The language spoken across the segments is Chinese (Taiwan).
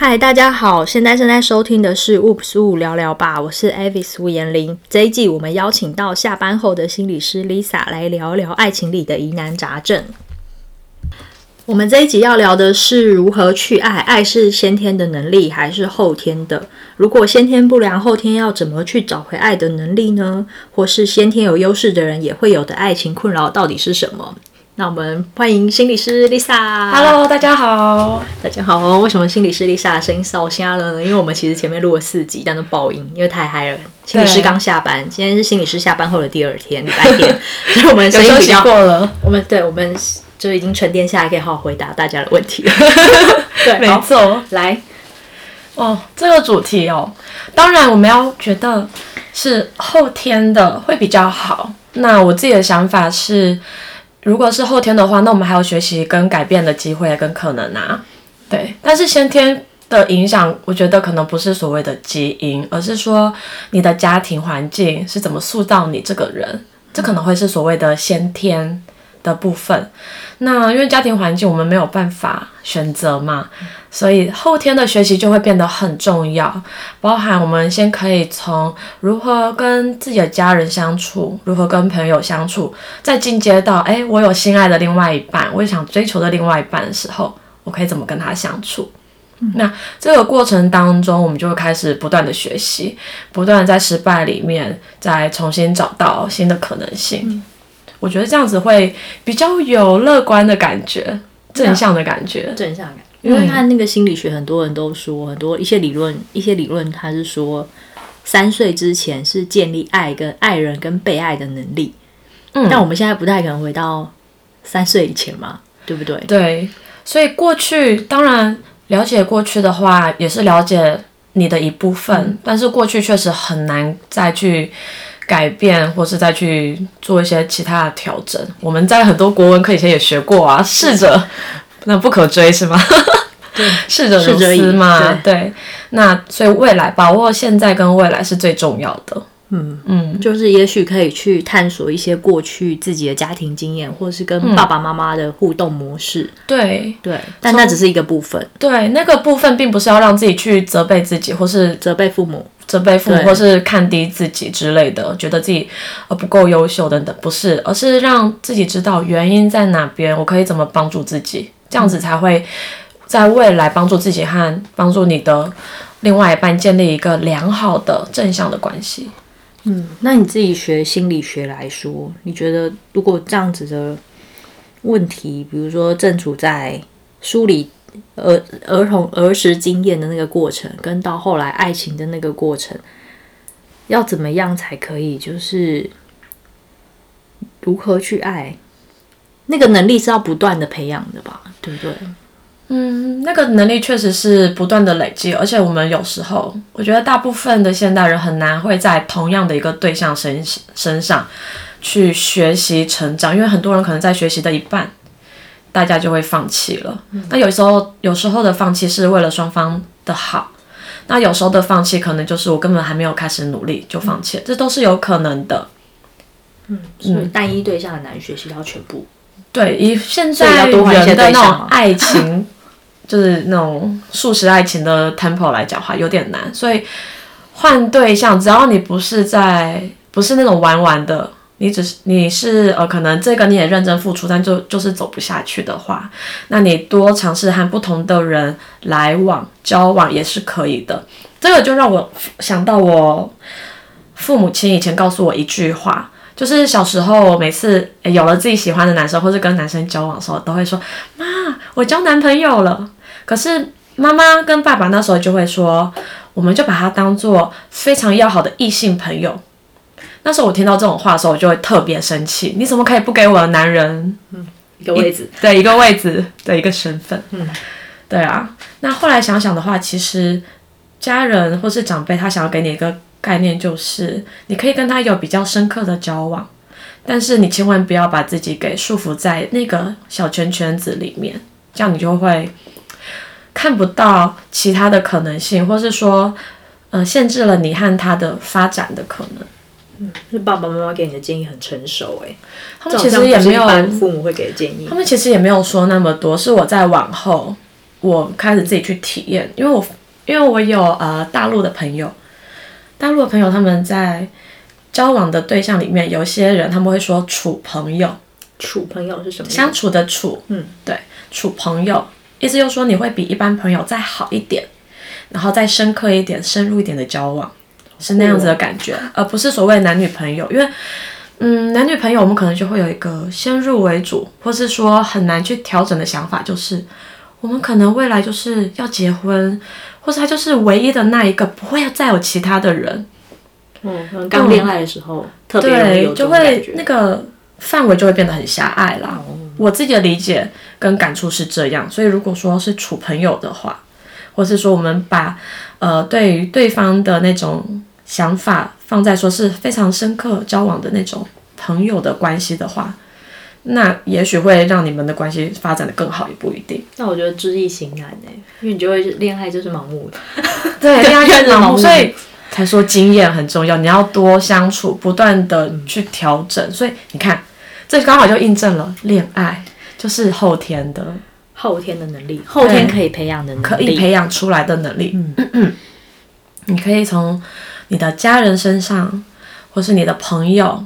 嗨，Hi, 大家好，現在正在收聽的是《oopsWu 聊聊吧》，我是 Avis 娮翎。這一季我們邀請到下班後的心理師 Lisa 來聊聊愛情裡的疑難雜症。我們這一集要聊的是如何去愛，愛是先天的能力還是後天的？如果先天不良，後天要怎麼去找回愛的能力呢？或是先天有優勢的人也會有的愛情困擾到底是什麼？那我們歡迎心理師 Lisa。Hello，大家好。嗯、大家好，為什麼心理師 Lisa 的聲音稍微沙了呢？因為我們其實前面錄了四集，但是爆音，因為太嗨了。對心理師剛下班，今天是心理師下班後的第二天白天，所以 我們休息過了。我們對，我們就已經沉澱下來，可以好好回答大家的問題了。 對，好沒錯錯。來，哦，這個主題哦，當然我們要覺得是後天的會比較好。那我自己的想法是。如果是後天的話，那我們還有學習跟改變的機會跟可能啊。對，但是先天的影響，我覺得可能不是所謂的基因，而是說你的家庭環境是怎麼塑造你這個人。這可能會是所謂的先天。的部分，那因為家庭環境我們沒有辦法選擇嘛，嗯、所以後天的學習就會變得很重要。包含我們先可以從如何跟自己的家人相處，如何跟朋友相處，再進階到哎、欸，我有心愛的另外一半，我也想追求的另外一半的時候，我可以怎麼跟他相處？嗯、那這個過程當中，我們就會開始不斷的學習，不斷在失敗裡面再重新找到新的可能性。嗯我覺得這樣子會比較有樂觀的感覺，正向的感覺，正向感，因為，因為他那個心理學，很多人都說很多、嗯、一些理論，一些理論他是說，三歲之前是建立愛跟愛人跟被愛的能力，嗯，但我們現在不太可能回到三歲以前嘛，對不對？對，所以過去當然了解過去的話，也是了解你的一部分，嗯、但是過去確實很難再去。改變，或是再去做一些其他的調整。我們在很多國文課以前也學過啊，逝者，對那不可追是嗎？ 對，逝者如斯嘛，對，對。那所以未來，把握現在跟未來是最重要的。嗯嗯，嗯，就是也許可以去探索一些過去自己的家庭經驗，或是跟爸爸媽媽的互動模式。對、嗯、對，從但那只是一個部分。對，那個部分並不是要讓自己去責備自己，或是責備父母、責備父母，父母，對或是看低自己之類的，覺得自己呃不夠優秀等等，不是，而是讓自己知道原因在哪邊，我可以怎麼幫助自己，這樣子才會在未來幫助自己和幫助你的另外一半建立一個良好的正向的關係。嗯，那你自己學心理學來說，你覺得如果這樣子的問題，比如說正處在梳理兒兒童兒時經驗的那個過程，跟到後來愛情的那個過程，要怎麼樣才可以？就是如何去愛，那個能力是要不斷的培養的吧？對不對？嗯，那個能力確實是不斷的累積，而且我們有時候，我覺得大部分的現代人很難會在同樣的一個對象身身上去學習成長，因為很多人可能在學習的一半，大家就會放棄了。嗯、那有時候，有時候的放棄是為了雙方的好，那有時候的放棄可能就是我根本還沒有開始努力就放棄了，嗯、這都是有可能的。嗯嗯，所以單一對象很難學習到全部。對，以現在人的那種愛情。 就是那種速食愛情的 tempo 來講的話有點難，所以換對象，只要你不是在不是那種玩玩的，你只是你是呃可能這個你也認真付出，但就就是走不下去的話，那你多嘗試和不同的人來往交往也是可以的。這個就讓我想到我父母親以前告訴我一句話，就是小時候每次、欸、有了自己喜歡的男生或是跟男生交往的時候，都會說媽，我交男朋友了。可是媽媽跟爸爸那時候就會說，我們就把他當做非常要好的異性朋友。那時候我聽到這種話的時候，我就會特別生氣。你怎麼可以不給我的男人一，一個位置？對，一個位置的一個身份。嗯，對啊。那後來想想的話，其實家人或是長輩他想要給你一個概念，就是你可以跟他有比較深刻的交往，但是你千萬不要把自己給束縛在那個小圈圈子裡面，這樣你就會。看不到其他的可能性，或是說，嗯、呃，限制了你和他的發展的可能。嗯，是爸爸媽媽給你的建議很成熟哎、欸，他們其實也沒有父母會給建議，他們其實也沒有說那麼多，是我在往後，我開始自己去體驗，因為我因為我有呃大陸的朋友，大陸的朋友他們在交往的對象裡面，有些人他們會說處朋友，處朋友是什麼？相處的處，嗯，對，處朋友。意思就是說你會比一般朋友再好一點，然後再深刻一點、深入一點的交往，哦、是那樣子的感覺，而、呃、不是所謂男女朋友。因為，嗯，男女朋友我們可能就會有一個先入為主，或是說很難去調整的想法，就是我們可能未來就是要結婚，或者他就是唯一的那一個，不會再有其他的人。嗯，剛戀愛的時候，對，就會那個。範圍就會變得很狹隘啦。嗯、我自己的理解跟感觸是這樣，所以如果說是處朋友的話，或是說我們把呃對於對方的那種想法放在說是非常深刻交往的那種朋友的關係的話，那也許會讓你們的關係發展得更好也不一定。那我覺得知易行難、欸、因為你就會戀愛就是盲目的， 對，戀愛就是盲目，所以才說經驗很重要，你要多相處，不斷的去調整。所以你看，這剛好就印證了，戀愛就是後天的，後天的能力，對後天可以培養的能力，可以培養出來的能力。嗯嗯，嗯 你可以從你的家人身上，或是你的朋友，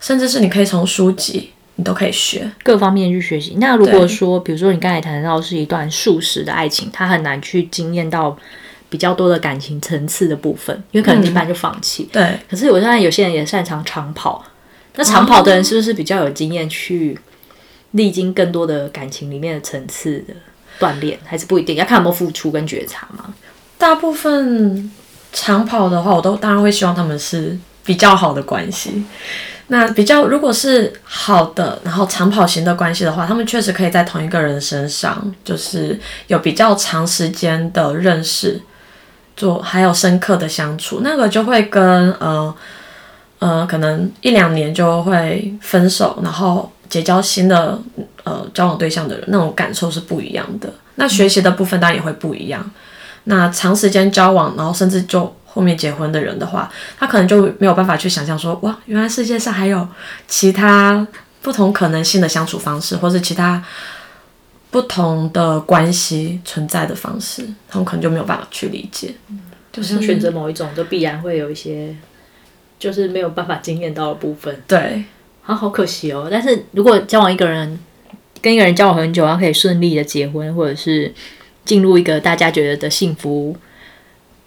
甚至是你可以從書籍，你都可以學各方面去學習。那如果說，對比如說你剛才談到是一段速食的愛情，它很難去經驗到。比較多的感情層次的部分，因為可能你一般就放棄，嗯。對，可是我現在有些人也擅長長跑，啊、那長跑的人是不是比較有經驗去歷經更多的感情裡面的層次的鍛鍊？還是不一定，要看有沒有付出跟覺察嘛。大部分長跑的話，我都當然會希望他們是比較好的關係。那比較如果是好的，然後長跑型的關係的話，他們確實可以在同一個人身上，就是有比較長時間的認識。做還有深刻的相處，那個就會跟呃呃，可能一兩年就會分手，然後結交新的呃交往對象的人，那種感受是不一樣的。那學習的部分當然也會不一樣。那長時間交往，然後甚至就後面結婚的人的話，他可能就沒有辦法去想象說哇，原來世界上還有其他不同可能性的相處方式，或是其他。不同的關係存在的方式，他們可能就沒有辦法去理解。就是選擇某一種，就必然會有一些，就是沒有辦法經驗到的部分。對，啊，好可惜哦。但是如果交往一個人，跟一個人交往很久，然後可以順利的結婚，或者是進入一個大家覺得的幸福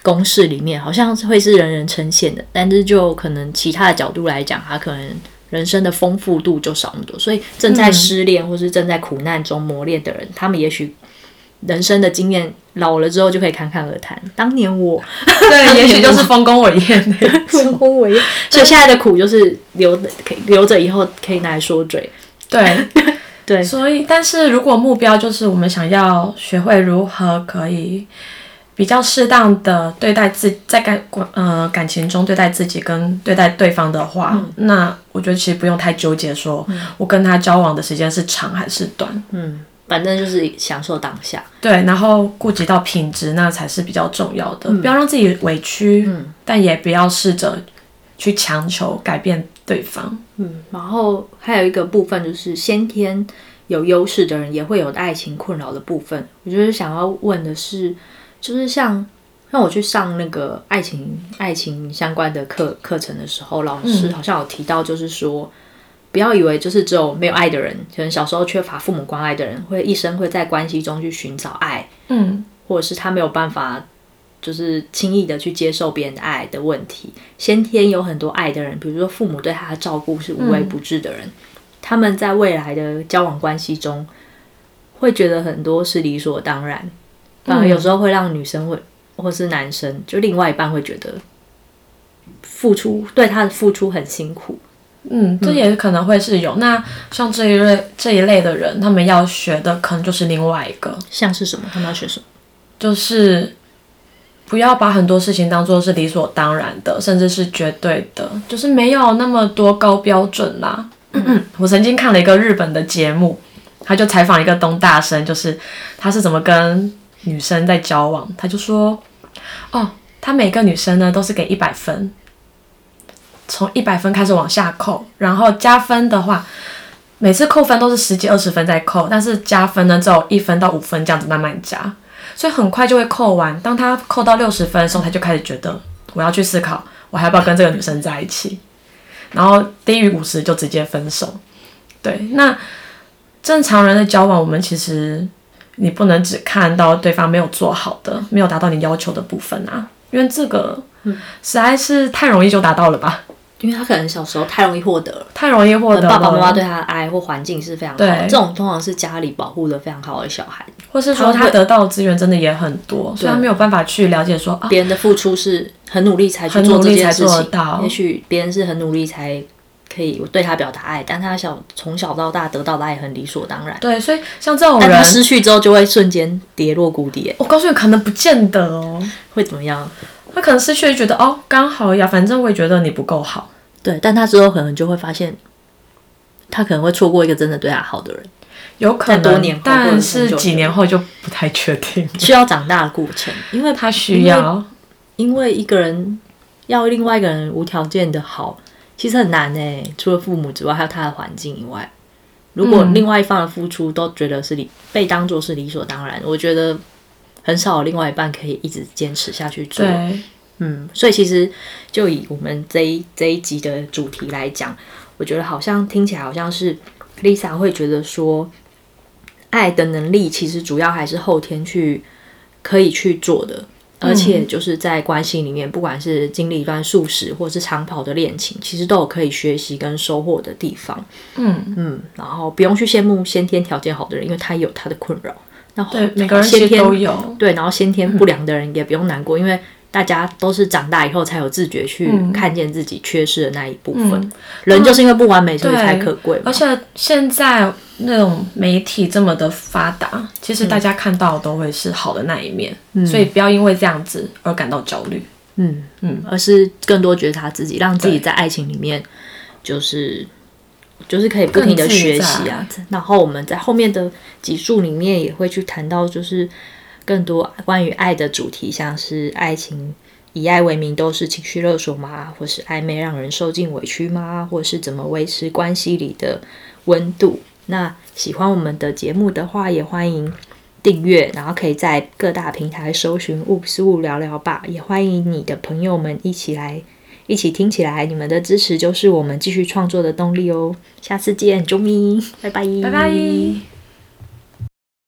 公式裡面，好像是會是人人稱羨的。但是就可能其他的角度來講，他可能。人生的豐富度就少那麼多，所以正在失戀、嗯、或是正在苦難中磨練的人，他們也許人生的經驗老了之後就可以侃侃而談。當年我，對， 我也許就是豐功偉業豐功偉業。所以現在的苦就是留，可以留着以後可以拿來說嘴。對， 對。對所以，但是如果目標就是我們想要學會如何可以。比較適當的對待自己在感呃感情中對待自己跟對待對方的話，嗯、那我覺得其實不用太糾結，說、嗯、我跟他交往的時間是長還是短，嗯，對，反正就是享受當下，對，然後顧及到品質，那才是比較重要的，嗯、不要讓自己委屈，嗯，但也不要試着去強求改變對方，嗯，然後還有一個部分就是先天有優勢的人也會有愛情困擾的部分，我就是想要問的是。就是像讓我去上那個愛情愛情相關的課課程的時候，老師好像有提到，就是說、嗯、不要以為就是只有沒有愛的人，可能小時候缺乏父母關愛的人，會一生會在關係中去尋找愛，嗯，或者是他沒有辦法就是輕易的去接受別人的愛的問題。先天有很多愛的人，比如說父母對他的照顧是無微不至的人，嗯、他們在未來的交往關係中會覺得很多是理所當然。嗯、有時候會讓女生會，或是男生就另外一半會覺得付出對他的付出很辛苦。嗯，嗯，這也可能會是有那像這一類、這一類的人，他們要學的可能就是另外一個像是什麼？他們要學什麼？就是不要把很多事情當做是理所當然的，甚至是絕對的，就是沒有那麼多高標準啦、啊嗯嗯。我曾經看了一個日本的節目，他就採訪一個東大生，就是他是怎麼跟。女生在交往，他就說，哦，他每個女生呢都是給一百分，從一百分開始往下扣，然後加分的話，每次扣分都是十幾二十分在扣，但是加分呢只有一分到五分這樣子慢慢加，所以很快就會扣完。當他扣到六十分的時候，他就開始覺得我要去思考，我還要不要跟這個女生在一起，然後低於五十就直接分手。對，那正常人的交往，我們其實。你不能只看到對方沒有做好的，沒有達到你要求的部分啊，因為這個，嗯，實在是太容易就達到了吧？因為他可能小時候太容易獲得了，太容易獲得，爸爸媽媽對他的愛或環境是非常好的，對這種通常是家裡保護的非常好的小孩，或是說他得到的資源真的也很多，們所以他沒有辦法去了解說對啊，別人的付出是很努力才去做這件事情，很努力才做到，也許別人是很努力才。可以我對他表達愛，但他小從小到大得到的愛也很理所當然。對，所以像這種人，他失去之後就會瞬間跌落谷底。欸。我、哦、告訴你，可能不見得哦。會怎麼樣？他可能失去，覺得哦剛好呀，反正我也覺得你不夠好。對，但他之後可能就會發現，他可能會錯過一個真的對他好的人。有可能，但是幾年後就不太確定，需要長大的過程，因為他需要因，因為一個人要另外一個人無條件的好。其實很難誒、欸，除了父母之外，還有他的環境以外，如果另外一方的付出、嗯、都覺得是理被當做是理所當然，我覺得很少有另外一半可以一直堅持下去做。對嗯，所以其實就以我們這一這一集的主題來講，我覺得好像聽起來好像是 Lisa 會覺得說，愛的能力其實主要還是後天去可以去做的。而且就是在關係裡面，嗯、不管是經歷一段速食或是長跑的戀情，其實都有可以學習跟收穫的地方。嗯嗯，然後不用去羨慕先天條件好的人，因為他也有他的困擾。然後對，每個人先天都有對，然後先天不良的人也不用難過，嗯、因為。大家都是長大以後才有自覺去看見自己缺失的那一部分。嗯、人就是因為不完美，所以才、嗯、可貴。而且現在那種媒體這麼的發達，其實大家看到都會是好的那一面，嗯、所以不要因為這樣子而感到焦慮、嗯。嗯嗯，而是更多覺察自己，讓自己在愛情裡面就是對就是可以不停的學習啊。然後我們在後面的集數裡面也會去談到，就是更多關於愛的主題，像是愛情以愛為名都是情緒勒索嗎？或是曖昧讓人受盡委屈嗎？或是怎麼維持關係裡的溫度？那喜歡我們的節目的話，也歡迎訂閱，然後可以在各大平台搜尋 “oopsWu 聊聊吧”。也歡迎你的朋友們一起來一起聽起來，你們的支持就是我們繼續創作的動力哦。下次見，啾咪，拜拜，拜拜。